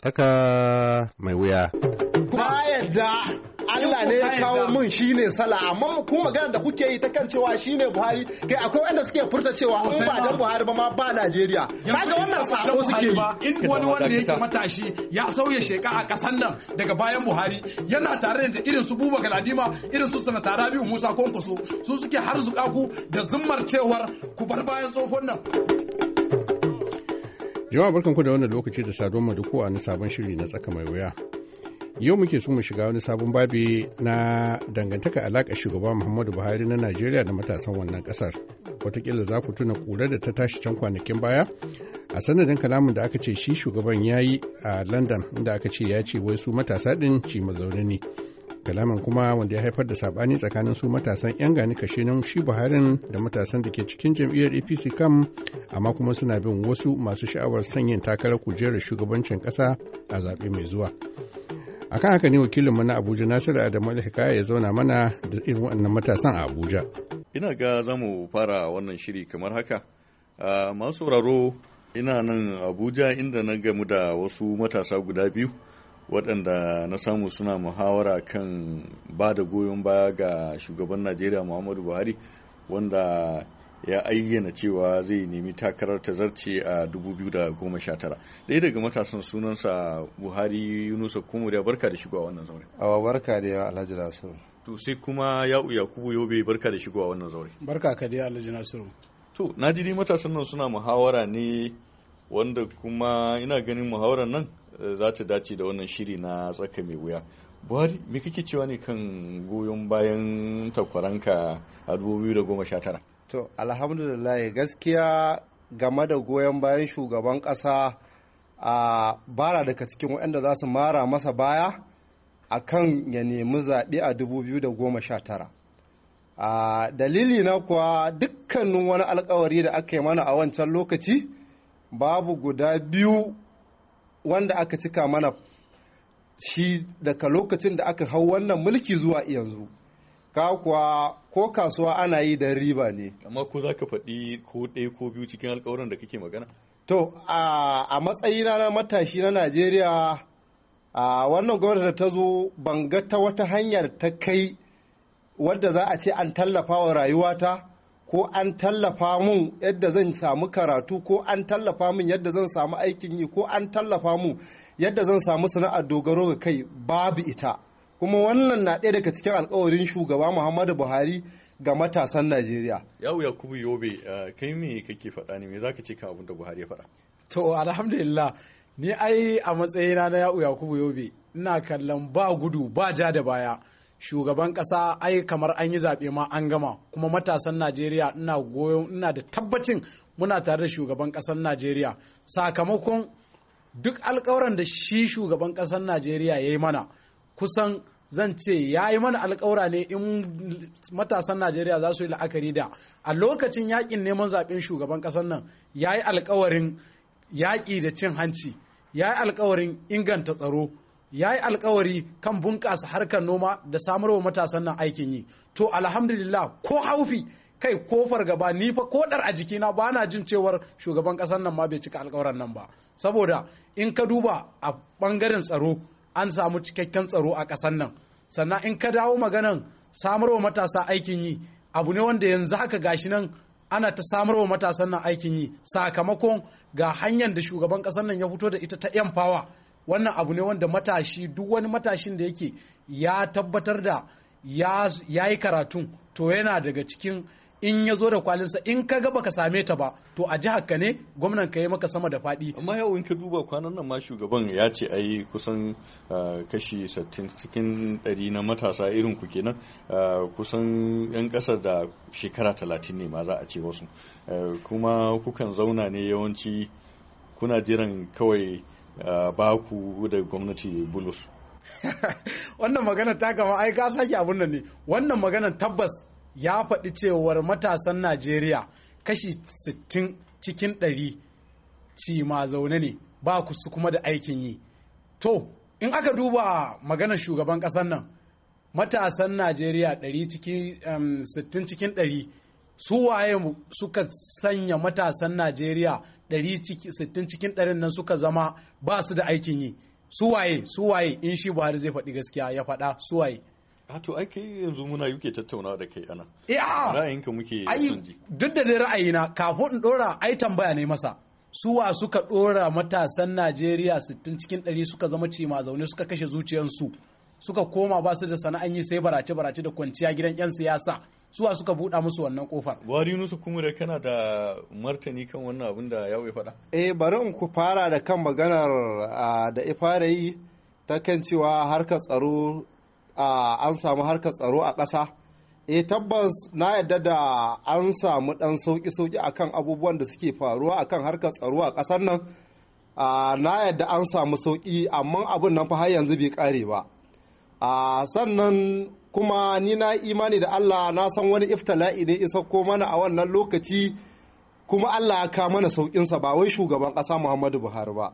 tsaka mai wuya. Na Allah ne ya kawo min shine sala amma ku magana da kuke yi ta kan cewa shi ne Buhari kai akwai wanda suke furta cewa in ba dan Buhari ba ma ba Najeriya kaga wannan sako suke yi in wani wanda yake matashi ya sauya sheka a kasan nan daga bayan Buhari yana tare da irin su Buba Galadima irin su Sanata Rabiu Musa Kwankwaso su suke harzuka ku da zummar cewar ku bar bayan tsohon nan Jama'a barkanku da wannan lokaci da sadon mu duk a sabon shiri na tsaka mai wuya. Yau muke so mu shiga wani sabon babi na dangantaka alaka shugaba Muhammadu Buhari na Najeriya da matasan wannan kasar watakila za ku tuna kura da ta tashi can kwanakin baya a sanadin kalamin da aka ce shi shugaban ya yi a London inda aka ce ya ce wai su matasa ɗin ci mazaune ne. kalamin kuma wanda ya haifar da sabani tsakanin su matasan 'yan gani kashe nan shi buharin da matasan da ke cikin jam'iyyar apc kam amma kuma suna bin wasu masu sha'awar sanyin takarar kujerar shugabancin kasa a zaɓe mai zuwa akan haka ne wakilinmu na abuja nasiru adamu alhikaya ya zauna mana da irin waɗannan matasan a abuja ina ga za mu fara wannan shiri kamar haka masu sauraro ina nan abuja inda na gamu da wasu matasa guda biyu waɗanda na samu suna muhawara kan ba da goyon baya ga shugaban najeriya muhammadu buhari wanda ya ayyana cewa zai nemi takarar ta zarce a 2019 ɗaya daga matasan sunansa buhari yunusa kumuriya barka da shigowa wannan zaure awa barka da yawa alhaji nasiru to sai kuma ya'u yakubu yobe barka da shigowa wannan zaure barka ka da alhaji nasiru to na ji matasan nan suna muhawara ne wanda kuma ina ganin muhawarar nan eh, za ta dace da wannan shiri na tsaka mai wuya buhari me kake cewa ne kan goyon bayan takwaranka a 2019 to alhamdulillah gaskiya game da goyon bayan shugaban ƙasa a bara daga cikin waɗanda za su mara masa baya a kan ya nemi zaɓe a 2019 a dalili na kuwa dukkanin wani alkawari da aka yi mana a wancan lokaci babu guda biyu wanda aka cika mana shi daga lokacin da aka hau wannan mulki zuwa yanzu ka kuwa ko kasuwa ana yi da riba ne amma ko za ka faɗi ko ɗaya ko biyu cikin alkawarin da kake magana to a matsayina na matashi na najeriya a wannan gwamnati ta zo ban ga ta wata hanyar ta kai wadda za a ce an tallafa wa rayuwata ko an tallafa mun yadda zan samu karatu ko an tallafa mun yadda zan samu aikin yi ko an tallafa mun yadda zan samu sana'ar dogaro ga kai babu ita kuma wannan na ɗaya daga cikin alkawarin shugaba muhammadu buhari ga matasan najeriya yau yakubu yobe eh, kai me kake faɗa ne me zaka ce kan abin da buhari ya faɗa to alhamdulillah ni ai a matsayina na yau yakubu yobe ina kallon ba gudu ba ja da baya shugaban ƙasa ai kamar an yi zaɓe ma an gama kuma matasan najeriya ina goyon ina da tabbacin muna tare da shugaban ƙasan najeriya sakamakon duk alkawaran da shi shugaban ƙasar najeriya ya yi mana kusan zan ce ya yi mana alkawara ne in matasan najeriya za su yi la'akari da a lokacin yakin neman zaɓen shugaban ƙasar nan ya yi alkawarin yaƙi da cin hanci ya yi alkawarin inganta tsaro ya yi alkawari kan bunƙasa harkar noma da samar wa matasan nan aikin yi to alhamdulillah ko haufi kai ko fargaba ni fa ko dar a jikina ba na jin cewar shugaban ƙasar nan ma bai cika alkawaran nan ba saboda in ka duba a bangaren tsaro an samu cikakken tsaro a ƙasar nan sannan in ka dawo maganan samar wa matasa aikin yi abu ne wanda yanzu haka gashi nan ana ta samar wa matasan nan aikin yi sakamakon ga hanyar da shugaban ƙasar nan ya fito da ita ta 'yan wannan abu ne wanda matashi duk wani matashin da yake ya tabbatar da ya yi karatun to yana daga cikin in ya zo da kwalinsa in ka ga baka same ta ba to a jihar ka ne gwamnan ka yi maka sama da faɗi amma yau in ka duba kwanan nan ma shugaban ya ce a yi kusan kashi 60 cikin ɗari na matasa irin ku kenan kusan yan ƙasar da shekara talatin ne ma za a ce wasu kuma kukan zauna ne yawanci kuna jiran kawai Eh, baku da gwamnati bulus wannan magana ta gama ai ka sake abun nan ne wannan magana tabbas ya faɗi cewar matasan najeriya kashi 60 cikin 100 ci ma zaune ne ba ku su kuma da aikin yi to in aka duba maganar shugaban ƙasar nan matasan najeriya 100 cikin 60 cikin su waye suka sanya matasan najeriya 60 cikin ɗarin nan suka zama ba su da aikin yi su waye su waye in shi buhari zai faɗi gaskiya ya faɗa su waye a to ai kai yanzu muna yuke tattaunawa da kai ana eh, ra'ayinka muke ai duk da dai ra'ayina kafin in dora ai tambaya ne masa suwa suka dora matasan najeriya 60 cikin 100 suka zama cima zaune suka kashe zuciyarsu suka koma ba su da sana'an yi sai barace barace da kwanciya gidan yan siyasa suwa suka buɗa musu wannan kofar. Wari Yunus kuma da kana da martani kan wannan abin da ya faɗa. Eh bari in ku fara da kan maganar da ifara yi ta kan cewa harkar tsaro an samu harkar tsaro a ƙasa. Eh tabbas na yadda da an samu ɗan sauki sauki akan abubuwan da suke faruwa akan harkar tsaro a ƙasar nan. na yadda an samu sauki amma abin nan fa har yanzu bai ƙare ba. a sannan kuma ni na imani da Allah na san wani iftala'i ne isa ko mana a wannan lokaci kuma Allah ka mana sauƙinsa ba wai shugaban ƙasa Muhammadu Buhari ba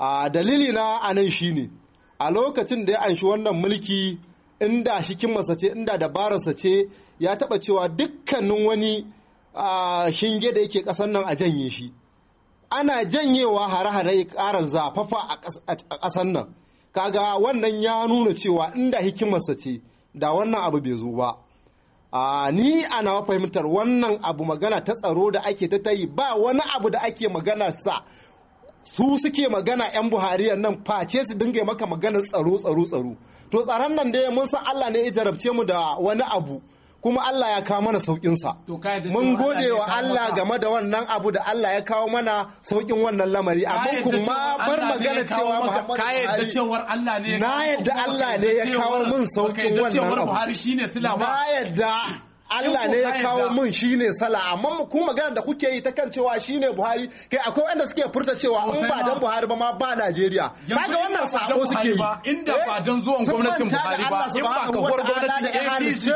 a dalili na anan shine a lokacin da ya anshi wannan mulki inda masa ce inda dabararsa ce ya taɓa cewa dukkanin wani shinge da yake ƙasar nan a janye shi ana janyewa hare-hare ƙara zafafa a ƙasar nan kaga wannan ya nuna cewa inda hikimarsa ce da wannan abu bai zo ba a ni ana fahimtar wannan abu magana ta tsaro da ake ta tayi ba wani abu da ake magana sa su suke magana 'yan Buhariya nan face su dinga maka magana tsaro tsaro tsaro to tsaron nan dai mun san allah ne ya jarabce mu da wani abu kuma Allah ya kawo mana sauƙinsa. Mun gode wa Allah game da wannan abu da Allah ya kawo mana sauƙin wannan lamari. Amma kuma bar magana cewa Muhammadu Buhari. Na yadda Allah ne ya kawo mun sauƙin wannan abu. Na yadda Allah ne ya kawo mun ne sala amma ku magana da kuke yi ta kan cewa shi ne Buhari kai akwai wanda suke furta cewa in ba dan Buhari ba ma ba Najeriya kaga wannan sako suke yi inda ba dan eh? zuwan gwamnatin Buhari ba in ba ka hor gwamnatin APC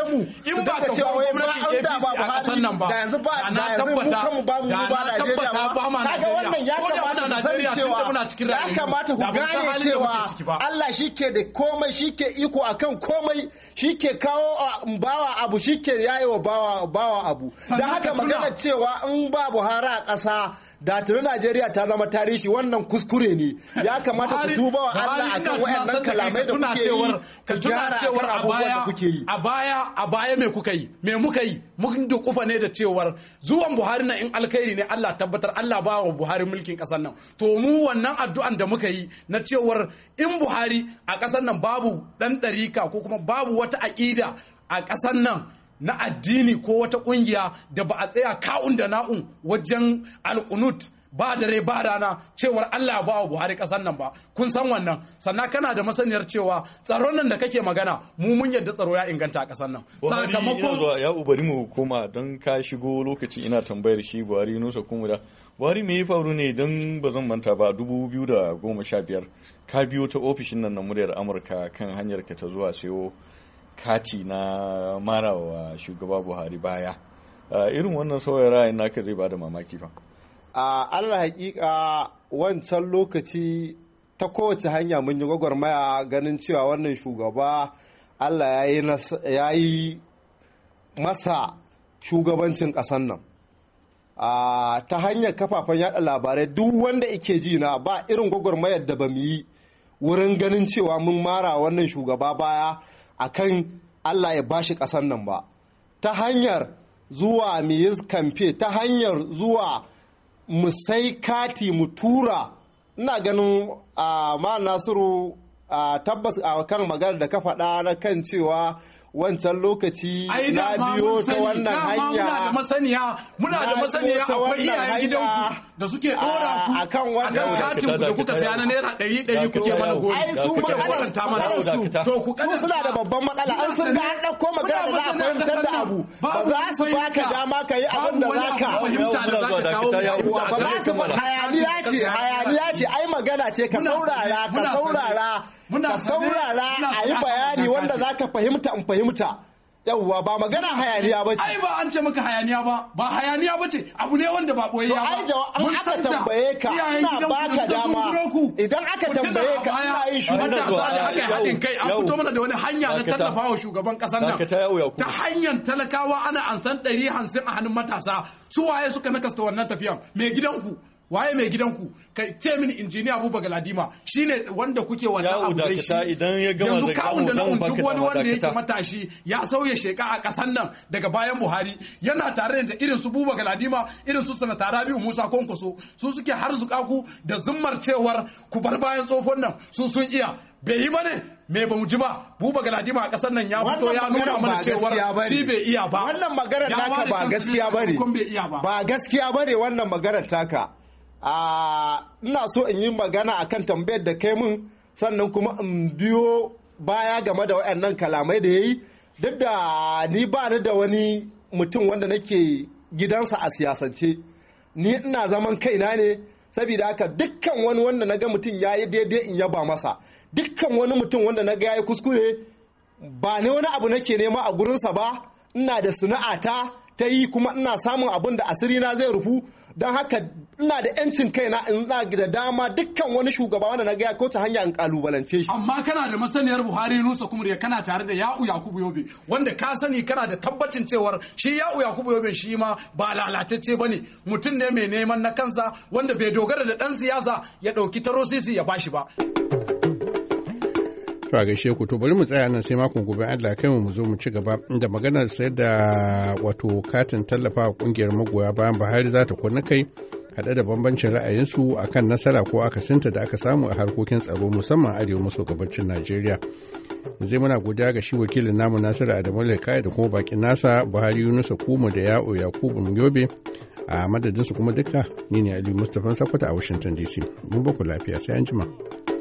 in ba ka hor gwamnatin APC a kasan nan ba da yanzu ba da yanzu mu kanmu ba mu ba tabbata ba ma Najeriya. Kaga wannan ya kamata su sani cewa ya kamata ku gane cewa Allah shi ke da komai shi ke iko akan komai shi ke kawo bawa abu shi ke yayi wa bawa abu. Don haka magana cewa in ba Buhari a ƙasa da tuni Najeriya ta zama tarihi wannan kuskure ne ya kamata ku tuba wa Allah akan wayannan kalamai da kuke yi ka tuna cewar a baya a baya a baya me kuka yi me muka yi mun dukufa ne da cewar zuwan Buhari na in alkhairi ne Allah tabbatar Allah ba wa Buhari mulkin kasar nan to mu wannan addu'an da muka yi na cewar in Buhari a kasar nan babu dan ɗarika ko kuma babu wata aƙida a ƙasar nan na addini ko wata kungiya da ba a tsaya ka'un da na'un wajen alkunut ba da rai ba rana cewar Allah ba wa Buhari kasan nan ba kun san wannan sannan kana da masaniyar cewa tsaron nan da kake magana mu mun yadda tsaro ya inganta a kasan nan sakamakon ya ubari mu hukuma don ka shigo lokaci ina tambayar shi Buhari Nusa da Buhari me ya faru ne don ba zan manta ba 2015 ka biyo ta ofishin nan na muryar Amurka kan hanyar ka ta zuwa sayo kati na marawa shugaba buhari baya irin wannan sauya ra'ayin naka zai bada mamaki fa a allah hakika wancan lokaci ta kowace hanya mun yi gwagwarmaya ganin cewa wannan shugaba allah ya yi masa shugabancin ƙasan nan ta hanyar kafafen yada labarai duk wanda ike ji na ba irin gwagwarmayar da ba mu yi wurin ganin cewa mun mara wannan shugaba baya akan Allah ya bashi ƙasar nan ba ta hanyar zuwa miyiz kamfe ta hanyar zuwa musai kati mu tura ina ganin a ma nasiru a tabbas a kan magana da ka faɗa na kan cewa wancan lokaci na biyo ta wannan hanya muna da masaniya muna da akwai iyayen gidanku da suke dora ku a kan wannan katin da kuka saya na naira 100 kuke mana gori ai su ma karanta mana to ku kada suna da babban matsala an sun ga an dauko magana da za a fahimtar da abu ba za su baka dama ka yi abin da zaka fahimta da zaka kawo ba za su hayaniya ce hayaniya ce ai magana ce ka saurara ka saurara ka saurara a yi bayani wanda zaka fahimta in fahimta yawwa ba magana hayaniya ba ce ai ba an ce maka hayaniya ba ba hayaniya ba ce abu ne wanda ba boye ya ba mun aka tambaye ka ina baka dama idan aka tambaye ka ina yin shugaban da haka haɗin kai an fito mana da wani hanya na tallafa shugaban kasar nan ta hanyar talakawa ana ansan ɗari hamsin a hannun matasa su waye suka nakasta wannan tafiyan mai gidanku waye mai gidanku ka ce mini injiniya Baga ladima shine wanda kuke wannan abu da shi yanzu kawun da nan duk wani wanda yake matashi ya sauya sheka a kasan nan daga bayan buhari yana tare da irin su buba ladima irin su sanata rabiu musa konkoso su suke harzuka ku da zummar cewar ku bar bayan tsofon nan su sun iya bai yi bane me ba mu ji ba buba galadima a kasar nan ya fito ya nuna mana cewar shi bai iya ba wannan maganar naka ba gaskiya bane ba gaskiya bane wannan maganar taka a ina so in yi magana akan tambayar da kai mun sannan kuma in biyo baya game da waɗannan kalamai da ya yi duk da ni ba ni da wani mutum wanda nake gidansa a siyasance ni ina zaman kaina ne saboda haka dukkan wani wanda na ga mutum ya yi daidai in yaba masa dukkan wani mutum wanda na ga ya yi kuskure ba ne wani abu nake nema a gurinsa ba ina da sana'a ta yi kuma ina samun abin da asiri na zai rufu don haka ina da yancin kaina ina da dama dukkan wani shugaba wanda na gaya ko ta hanya in kalubalance shi amma kana da masaniyar Buhari Nusa Kumriya kana tare da Ya'u Yakubu Yobe wanda ka sani kana da tabbacin cewar shi Ya'u Yakubu Yobe shi ma ba lalatacce ne, mutum ne mai neman na kansa wanda bai dogara da dan siyasa ya dauki tarosisi ya bashi ba To a gaishe ku to bari mu tsaya nan sai makon gobe Allah kai mu mu zo mu ci gaba da maganar sai da wato katin tallafa wa kungiyar magoya bayan Buhari za ta kunna kai haɗe da bambancin ra'ayinsu akan nasara ko akasinta da aka samu a harkokin tsaro musamman arewa maso gabacin Najeriya. zai muna godiya ga shi wakilin namu Nasiru Adamu Lekai da kuma bakin nasa Buhari Yunusa Kuma da Ya'o Yakubu Yobe a madadinsu kuma duka ni ne Aliyu Mustapha Sakwata a Washington DC. Mun ba lafiya sai an jima.